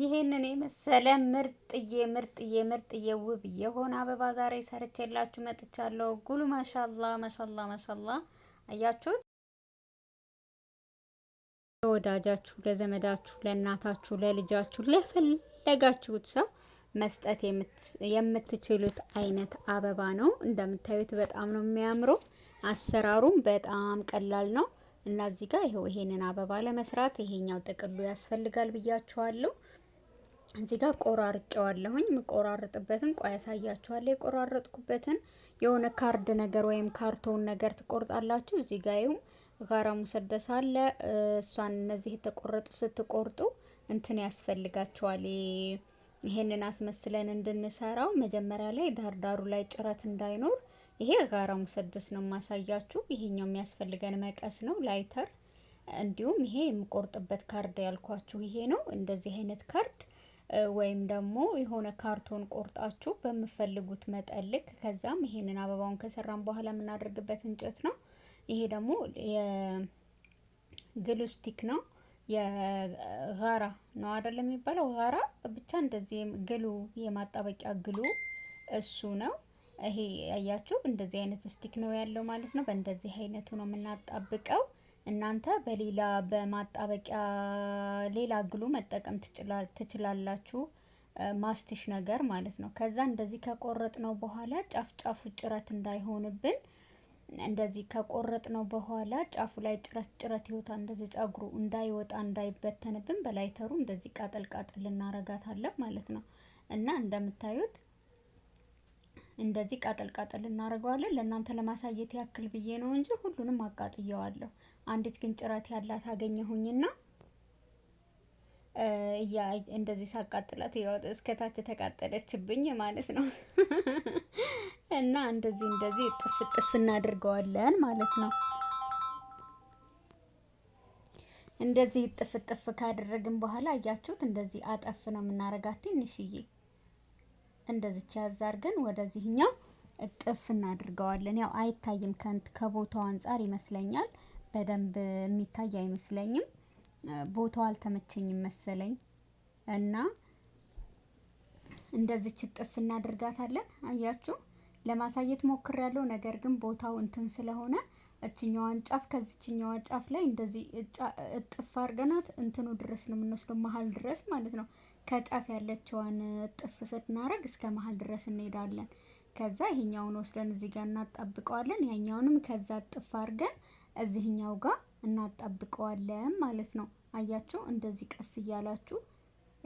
ይህንን የመሰለ ምርጥዬ ምርጥዬ ምርጥዬ ውብ የሆነ አበባ ዛሬ ሰርቼላችሁ መጥቻለሁ። ጉሉ ማሻላ ማሻላ ማሻላ አያችሁት። ለወዳጃችሁ፣ ለዘመዳችሁ፣ ለእናታችሁ፣ ለልጃችሁ፣ ለፈለጋችሁት ሰው መስጠት የምትችሉት አይነት አበባ ነው። እንደምታዩት በጣም ነው የሚያምረው። አሰራሩም በጣም ቀላል ነው እና እዚህ ጋር ይሄንን አበባ ለመስራት ይሄኛው ጥቅሉ ያስፈልጋል ብያችኋለሁ። እዚህ ጋር ቆራርጨዋለሁኝ። የምቆራርጥበትን ቆይ ያሳያችኋለሁ። የቆራረጥኩበትን የሆነ ካርድ ነገር ወይም ካርቶን ነገር ትቆርጣላችሁ። እዚህ ጋር ጋራ ሙሰደስ አለ። እሷን እነዚህ የተቆረጡ ስትቆርጡ እንትን ያስፈልጋቸዋል። ይሄንን አስመስለን እንድንሰራው መጀመሪያ ላይ ዳርዳሩ ላይ ጭረት እንዳይኖር ይሄ ጋራ ሙሰደስ ነው የማሳያችሁ። ይሄኛው የሚያስፈልገን መቀስ ነው፣ ላይተር እንዲሁም ይሄ የምቆርጥበት ካርድ ያልኳችሁ ይሄ ነው። እንደዚህ አይነት ካርድ ወይም ደግሞ የሆነ ካርቶን ቆርጣችሁ በምፈልጉት መጠን ልክ ከዛም ይሄንን አበባውን ከሰራን በኋላ የምናደርግበት እንጨት ነው። ይሄ ደግሞ የግሉስቲክ ነው የጋራ ነው አይደል የሚባለው ጋራ ብቻ እንደዚህ ግሉ የማጣበቂያ ግሉ እሱ ነው። ይሄ ያያችሁ እንደዚህ አይነት ስቲክ ነው ያለው ማለት ነው። በእንደዚህ አይነቱ ነው የምናጣብቀው። እናንተ በሌላ በማጣበቂያ ሌላ ግሉ መጠቀም ትችላላችሁ። ማስቲሽ ነገር ማለት ነው። ከዛ እንደዚህ ከቆረጥ ነው በኋላ ጫፍ ጫፉ ጭረት እንዳይሆንብን እንደዚህ ከቆረጥ ነው በኋላ ጫፉ ላይ ጭረት ጭረት ይወጣ እንደዚህ ጸጉሩ እንዳይወጣ እንዳይበተንብን በላይተሩ እንደዚህ ቃጠል ቃጠል እናረጋታለን ማለት ነው እና እንደምታዩት እንደዚህ ቃጠል ቃጠል እናደርገዋለን። ለእናንተ ለማሳየት ያክል ብዬ ነው እንጂ ሁሉንም አቃጥየዋለሁ። አንዲት ግን ጭረት ያላት አገኘሁኝና እንደዚህ ሳቃጥላት እስከታች ተቃጠለችብኝ ማለት ነው። እና እንደዚህ እንደዚህ ጥፍ ጥፍ እናድርገዋለን ማለት ነው። እንደዚህ ጥፍ ጥፍ ካደረግን በኋላ እያችሁት እንደዚህ አጠፍ ነው የምናረጋት ትንሽዬ እንደዚች ያዛር ግን ወደዚህኛው እቅፍ እናድርገዋለን። ያው አይታይም ከንት ከቦታው አንጻር ይመስለኛል በደንብ የሚታይ አይመስለኝም። ቦታው አልተመቸኝም መሰለኝ እና እንደዚች እጥፍ እናድርጋታለን። አያችሁ ለማሳየት ሞክር ያለው ነገር ግን ቦታው እንትን ስለሆነ እችኛዋን ጫፍ ከዚችኛዋ ጫፍ ላይ እንደዚህ እጥፍ አርገናት እንትኑ ድረስ ነው የምንወስደው መሀል ድረስ ማለት ነው። ከጫፍ ያለችዋን ጥፍ ስትናረግ እስከ መሀል ድረስ እንሄዳለን። ከዛ ይሄኛውን ወስደን እዚህ ጋር እናጣብቀዋለን። ያኛውንም ከዛ ጥፍ አድርገን እዚህኛው ጋር እናጣብቀዋለን ማለት ነው። አያችሁ፣ እንደዚህ ቀስ እያላችሁ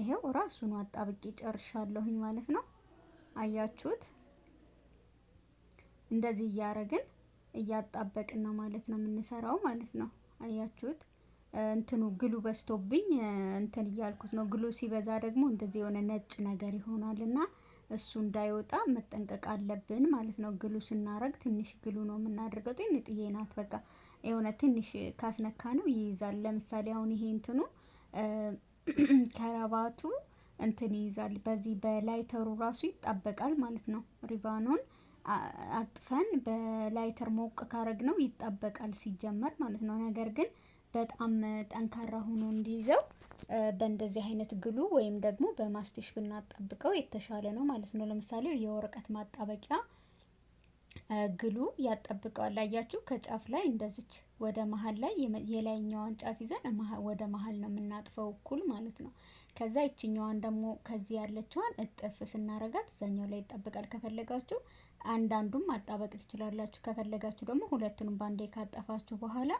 ይሄው ራሱን አጣብቄ ጨርሻለሁኝ ማለት ነው። አያችሁት? እንደዚህ እያረግን እያጣበቅን ነው ማለት ነው የምንሰራው ማለት ነው። አያችሁት? እንትኑ ግሉ በዝቶብኝ እንትን እያልኩት ነው። ግሉ ሲበዛ ደግሞ እንደዚህ የሆነ ነጭ ነገር ይሆናልና እሱ እንዳይወጣ መጠንቀቅ አለብን ማለት ነው። ግሉ ስናረግ ትንሽ ግሉ ነው የምናደርገው። ጤን ጥዬ ናት በቃ የሆነ ትንሽ ካስነካ ነው ይይዛል። ለምሳሌ አሁን ይሄ እንትኑ ከረባቱ እንትን ይይዛል። በዚህ በላይተሩ ራሱ ይጣበቃል ማለት ነው። ሪባኑን አጥፈን በላይተር ሞቅ ካረግ ነው ይጣበቃል ሲጀመር ማለት ነው። ነገር ግን በጣም ጠንካራ ሆኖ እንዲይዘው በእንደዚህ አይነት ግሉ ወይም ደግሞ በማስቲሽ ብናጠብቀው የተሻለ ነው ማለት ነው። ለምሳሌ የወረቀት ማጣበቂያ ግሉ ያጠብቀዋል አያችሁ ከጫፍ ላይ እንደዚች ወደ መሀል ላይ የላይኛዋን ጫፍ ይዘን ወደ መሀል ነው የምናጥፈው እኩል ማለት ነው። ከዛ ይችኛዋን ደግሞ ከዚህ ያለችዋን እጥፍ ስናረጋት እዛኛው ላይ ይጠብቃል ከፈለጋችሁ አንዳንዱም ማጣበቅ ትችላላችሁ። ከፈለጋችሁ ደግሞ ሁለቱንም ባንዴ ካጠፋችሁ በኋላ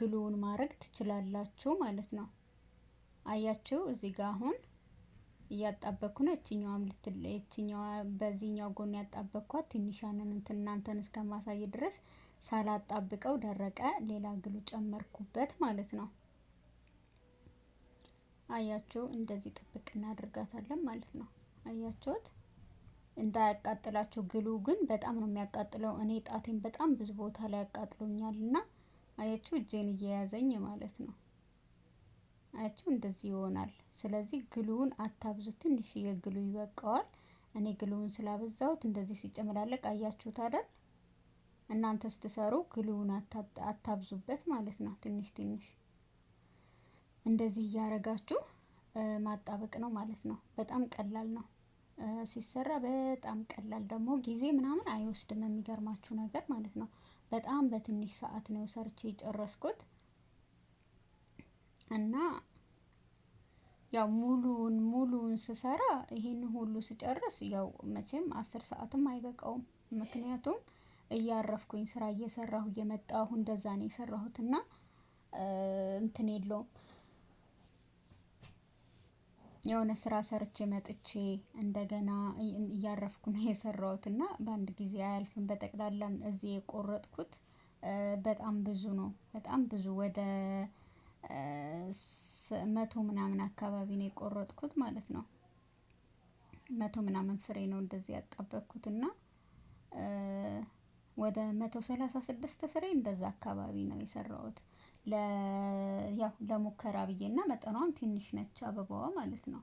ግሉውን ማድረግ ትችላላችሁ ማለት ነው። አያችሁ እዚህ ጋር አሁን እያጣበቅኩ ነው። እችኛዋም ልትል እችኛዋ በዚህኛው ጎን ያጣበቅኳት ትንሿን እናንተን እስከማሳይ ድረስ ሳላጣብቀው ደረቀ። ሌላ ግሉ ጨመርኩበት ማለት ነው። አያችሁ እንደዚህ ጥብቅ እናድርጋታለን ማለት ነው። አያችሁት እንዳያቃጥላችሁ። ግሉ ግን በጣም ነው የሚያቃጥለው። እኔ ጣቴን በጣም ብዙ ቦታ ላይ ያቃጥሎኛል እና አያችሁ እጄን እየያዘኝ ማለት ነው። አያችሁ እንደዚህ ይሆናል። ስለዚህ ግሉውን አታብዙ፣ ትንሽ ግሉ ይበቃዋል። እኔ ግሉውን ስላበዛሁት እንደዚህ ሲጨመላለቅ አያችሁት አይደል? እናንተ ስትሰሩ ግሉውን አታብዙበት ማለት ነው። ትንሽ ትንሽ እንደዚህ እያረጋችሁ ማጣበቅ ነው ማለት ነው። በጣም ቀላል ነው ሲሰራ፣ በጣም ቀላል ደግሞ ጊዜ ምናምን አይወስድም የሚገርማችሁ ነገር ማለት ነው። በጣም በትንሽ ሰዓት ነው ሰርቼ የጨረስኩት እና ያው ሙሉውን ሙሉውን ስሰራ ይሄን ሁሉ ስጨርስ ያው መቼም አስር ሰዓትም አይበቃውም። ምክንያቱም እያረፍኩኝ ስራ እየሰራሁ እየመጣሁ እንደዛ ነው የሰራሁት እና እንትን የለውም የሆነ ስራ ሰርቼ መጥቼ እንደገና እያረፍኩ ነው የሰራሁት እና በአንድ ጊዜ አያልፍም በጠቅላላም እዚህ የቆረጥኩት በጣም ብዙ ነው በጣም ብዙ ወደ መቶ ምናምን አካባቢ ነው የቆረጥኩት ማለት ነው። መቶ ምናምን ፍሬ ነው እንደዚህ ያጣበቅኩት እና ወደ መቶ ሰላሳ ስድስት ፍሬ እንደዛ አካባቢ ነው የሰራሁት ያው ለሙከራ ብዬና መጠኗም ትንሽ ነች አበባዋ ማለት ነው።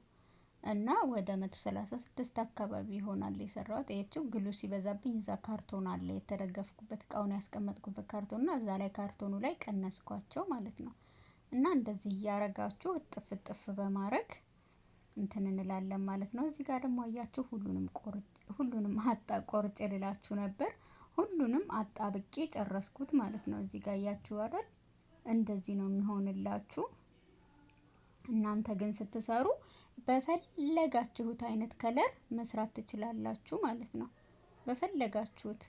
እና ወደ መቶ ሰላሳ ስድስት አካባቢ ይሆናል የሰራሁት። ያችው ግሉ ሲበዛብኝ እዛ ካርቶን አለ የተደገፍኩበት እቃውን ያስቀመጥኩበት ካርቶንና እዛ ላይ ካርቶኑ ላይ ቀነስኳቸው ማለት ነው። እና እንደዚህ እያረጋችሁ እጥፍ እጥፍ በማድረግ እንትን እንላለን ማለት ነው። እዚህ ጋር ደግሞ ሁሉንም ቆርጭ ሁሉንም አጣ ቆርጭ ልላችሁ ነበር። ሁሉንም አጣብቄ ጨረስኩት ማለት ነው። እዚህ ጋር እያችሁ አይደል? እንደዚህ ነው የሚሆንላችሁ። እናንተ ግን ስትሰሩ በፈለጋችሁት አይነት ከለር መስራት ትችላላችሁ ማለት ነው። በፈለጋችሁት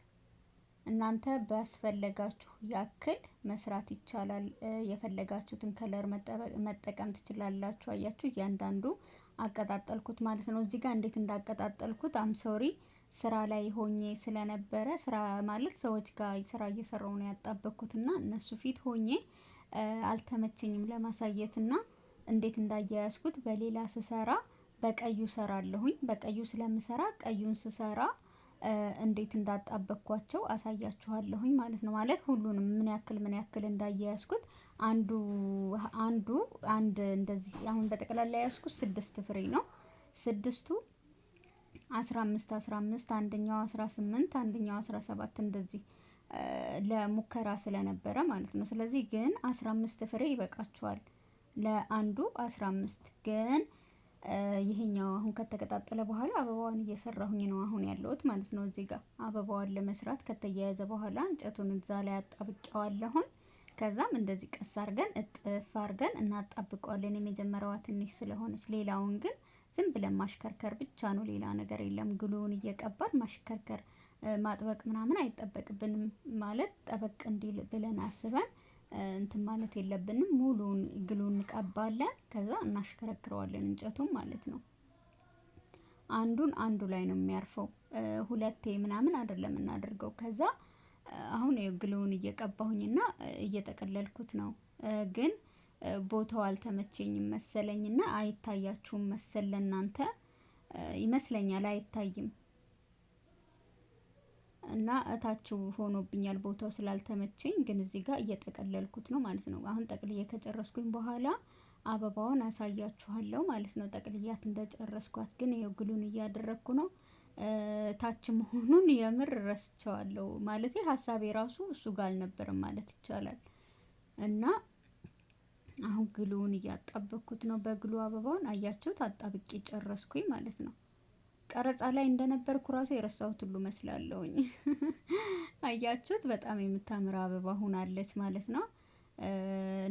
እናንተ ባስፈለጋችሁ ያክል መስራት ይቻላል። የፈለጋችሁትን ከለር መጠቀም ትችላላችሁ። አያችሁ፣ እያንዳንዱ አቀጣጠልኩት ማለት ነው። እዚህ ጋር እንዴት እንዳቀጣጠልኩት አምሶሪ ስራ ላይ ሆኜ ስለነበረ ስራ ማለት ሰዎች ጋር ስራ እየሰራው ነው እና እነሱ ፊት ሆኜ አልተመቸኝም ለማሳየትና እንዴት እንዳያያዝኩት በሌላ ስሰራ በቀዩ እሰራለሁኝ። በቀዩ ስለምሰራ ቀዩን ስሰራ እንዴት እንዳጣበቅኳቸው አሳያችኋለሁኝ ማለት ነው። ማለት ሁሉንም ምን ያክል ምን ያክል እንዳያያዝኩት አንዱ አንዱ አንድ እንደዚህ አሁን በጠቅላላ ያዝኩት ስድስት ፍሬ ነው። ስድስቱ 15 15 አንደኛው 18 አንደኛው 17 እንደዚህ ለሙከራ ስለነበረ ማለት ነው። ስለዚህ ግን 15 ፍሬ ይበቃቸዋል። ለአንዱ 15 ግን ይሄኛው አሁን ከተቀጣጠለ በኋላ አበባዋን እየሰራሁኝ ነው አሁን ያለሁት ማለት ነው። እዚህ ጋር አበባዋን ለመስራት ከተያያዘ በኋላ እንጨቱን እዛ ላይ አጣብቀዋለሁኝ። ከዛም እንደዚህ ቀስ አርገን እጥፍ አርገን እናጣብቀዋለን። የመጀመሪያዋ ትንሽ ስለሆነች ሌላውን ግን ዝም ብለን ማሽከርከር ብቻ ነው፣ ሌላ ነገር የለም። ግሉን እየቀባን ማሽከርከር ማጥበቅ ምናምን አይጠበቅብንም። ማለት ጠበቅ እንዲል ብለን አስበን እንትን ማለት የለብንም። ሙሉን ግሉ እንቀባለን፣ ከዛ እናሽከረክረዋለን እንጨቱም ማለት ነው። አንዱን አንዱ ላይ ነው የሚያርፈው። ሁለቴ ምናምን አይደለም እናደርገው። ከዛ አሁን ግሉውን እየቀባሁኝና እየጠቀለልኩት ነው ግን ቦታው አልተመቼኝም መሰለኝና አይታያችሁም መሰል ለእናንተ ይመስለኛል አይታይም እና እታች ሆኖብኛል ቦታው ስላልተመቸኝ፣ ግን እዚህ ጋር እየጠቀለልኩት ነው ማለት ነው። አሁን ጠቅልዬ ከጨረስኩኝ በኋላ አበባውን አሳያችኋለሁ ማለት ነው። ጠቅልያት እንደጨረስኳት ግን ይኸው ግሉን እያደረግኩ ነው። ታች መሆኑን የምር ረስቸዋለሁ ማለት ሀሳቤ ራሱ እሱ ጋር አልነበረም ማለት ይቻላል እና አሁን ግሉውን እያጣበኩት ነው። በግሉ አበባውን አያችሁት፣ አጣብቄ ጨረስኩኝ ማለት ነው። ቀረጻ ላይ እንደነበርኩ ራሱ የረሳሁት ሁሉ መስላለሁኝ። አያችሁት፣ በጣም የምታምር አበባ ሁናለች ማለት ነው።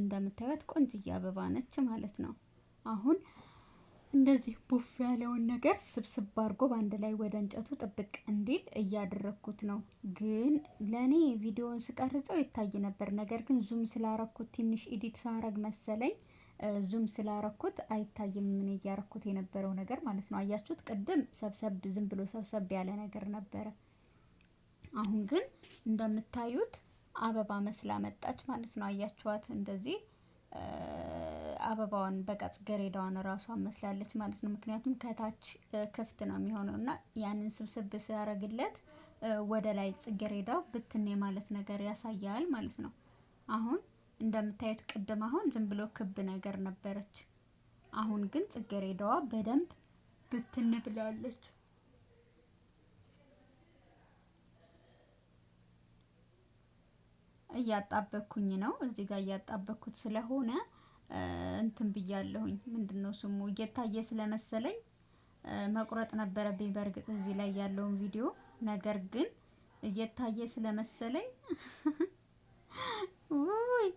እንደምታዩት ቆንጅዬ አበባ ነች ማለት ነው። አሁን እንደዚህ ቡፍ ያለውን ነገር ስብስብ አድርጎ በአንድ ላይ ወደ እንጨቱ ጥብቅ እንዲል እያደረግኩት ነው። ግን ለእኔ ቪዲዮውን ስቀርጸው ይታይ ነበር። ነገር ግን ዙም ስላረኩት ትንሽ ኢዲት ሳረግ መሰለኝ ዙም ስላረኩት አይታይም። ምን እያረኩት የነበረው ነገር ማለት ነው። አያችሁት? ቅድም ሰብሰብ ዝም ብሎ ሰብሰብ ያለ ነገር ነበረ። አሁን ግን እንደምታዩት አበባ መስላ መጣች ማለት ነው። አያችኋት? እንደዚህ አበባዋን በቃ ገሬዳዋን ራሷ መስላለች ማለት ነው። ምክንያቱም ከታች ክፍት ነው የሚሆነው እና ያንን ስብስብ ሲያደርግለት ወደ ላይ ጽጌረዳው ብትኔ ማለት ነገር ያሳያል ማለት ነው። አሁን እንደምታዩት ቅድም አሁን ዝም ብሎ ክብ ነገር ነበረች። አሁን ግን ጽገሬዳዋ በደንብ ብትን ብላለች። እያጣበኩኝ ነው። እዚህ ጋር እያጣበኩት ስለሆነ እንትን ብያለሁኝ። ምንድን ነው ስሙ እየታየ ስለመሰለኝ መቁረጥ ነበረብኝ። በእርግጥ እዚህ ላይ ያለውን ቪዲዮ ነገር ግን እየታየ ስለመሰለኝ ውይ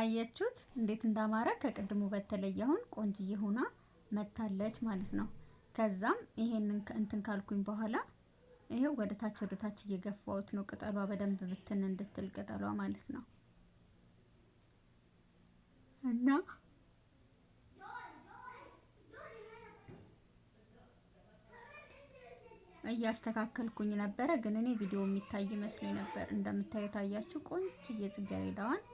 አየችሁት እንዴት እንዳማረ ከቅድሙ በተለየ አሁን ቆንጅዬ ሆና መታለች ማለት ነው። ከዛም ይሄንን እንትን ካልኩኝ በኋላ ይሄው ወደ ታች ወደ ታች እየገፋሁት ነው። ቅጠሏ በደንብ ብትን እንድትል ቅጠሏ ማለት ነው እና እያስተካከልኩኝ ነበረ፣ ግን እኔ ቪዲዮ የሚታይ መስሎ ነበር። እንደምታዩ ታያችሁ፣ ቆንጅዬ ሰርቻት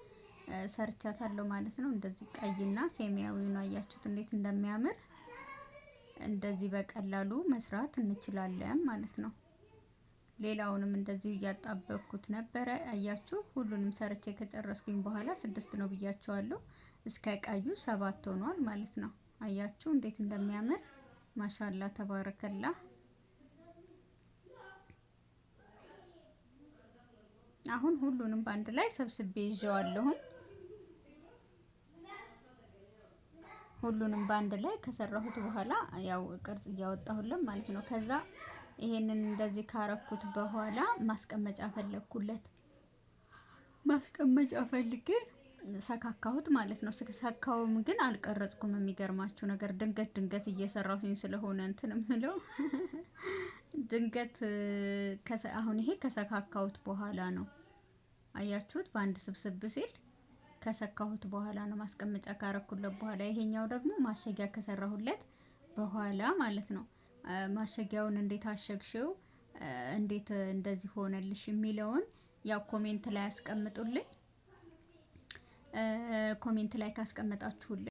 ሰርቻታለሁ ማለት ነው። እንደዚህ ቀይና ሰማያዊ ነው። አያችሁት እንዴት እንደሚያምር። እንደዚህ በቀላሉ መስራት እንችላለን ማለት ነው። ሌላውንም እንደዚሁ እያጣበቅኩት ነበረ። አያችሁ ሁሉንም ሰርቼ ከጨረስኩኝ በኋላ ስድስት ነው ብያቸዋለሁ። እስከ ቀዩ ሰባት ሆኗል ማለት ነው። አያችሁ እንዴት እንደሚያምር ማሻላ ተባረከላ። አሁን ሁሉንም በአንድ ላይ ሰብስቤ ይዤዋለሁኝ። ሁሉንም በአንድ ላይ ከሰራሁት በኋላ ያው ቅርጽ እያወጣሁለን ማለት ነው ከዛ ይሄንን እንደዚህ ካረኩት በኋላ ማስቀመጫ ፈለግኩለት። ማስቀመጫ ፈልጌ ሰካካሁት ማለት ነው። ስሰካውም ግን አልቀረጽኩም። የሚገርማችሁ ነገር ድንገት ድንገት እየሰራሁኝ ስለሆነ እንትን ምለው ድንገት አሁን ይሄ ከሰካካሁት በኋላ ነው። አያችሁት? በአንድ ስብስብ ሲል ከሰካሁት በኋላ ነው ማስቀመጫ ካረኩለት በኋላ። ይሄኛው ደግሞ ማሸጊያ ከሰራሁለት በኋላ ማለት ነው። ማሸጊያውን እንዴት አሸግሽው፣ እንዴት እንደዚህ ሆነልሽ የሚለውን ያው ኮሜንት ላይ አስቀምጡልኝ። ኮሜንት ላይ ካስቀመጣችሁልኝ